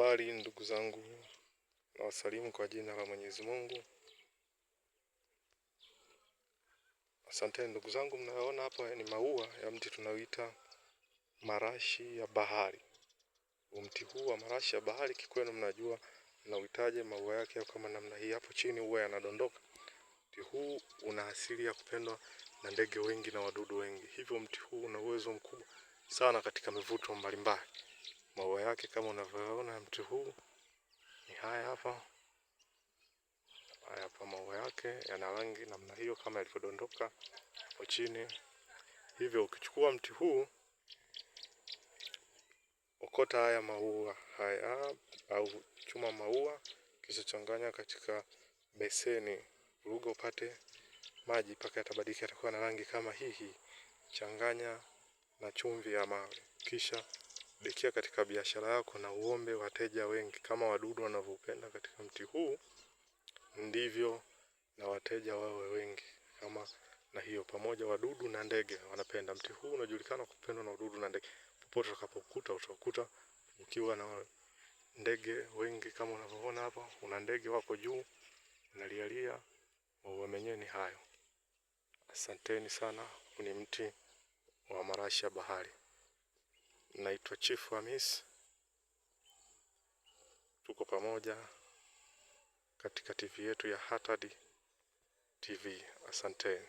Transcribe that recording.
Habari ndugu zangu, nawasalimu kwa jina la Mwenyezi Mungu. Asanteni ndugu zangu, mnayoona hapa ni maua ya mti tunaoita marashi ya bahari. Mti huu wa marashi ya bahari kikwenu, mnajua mnauitaje? Maua yake kama namna hii, hapo chini huwa yanadondoka. Mti huu una asili ya kupendwa na ndege wengi na wadudu wengi, hivyo mti huu una uwezo mkubwa sana katika mivuto mbalimbali. Maua yake kama unavyoona mti huu ni haya hapa. Haya hapa maua yake yana rangi namna hiyo kama yalivyodondoka hapo chini. Hivyo ukichukua mti huu okota haya maua haya au chuma maua kisha changanya katika beseni, vuruga upate maji mpaka yatabadilika, yatakuwa na rangi kama hii hii. Changanya na chumvi ya mawe kisha Fikia katika biashara yako na uombe wateja wengi, kama wadudu wanavyopenda katika mti huu, ndivyo na wateja wawe wengi kama na hiyo pamoja. Wadudu na ndege wanapenda mti huu, unajulikana kupendwa na wadudu na ndege. Popote utakapokuta utakuta ukiwa na ndege wengi, kama unavyoona hapa, una ndege wako juu nalialia. Maua yenyewe ni hayo. Asanteni sana. Ni mti wa marashi ya bahari. Naitwa chief Hamis, tuko pamoja katika TV yetu ya Hatad TV. Asanteni.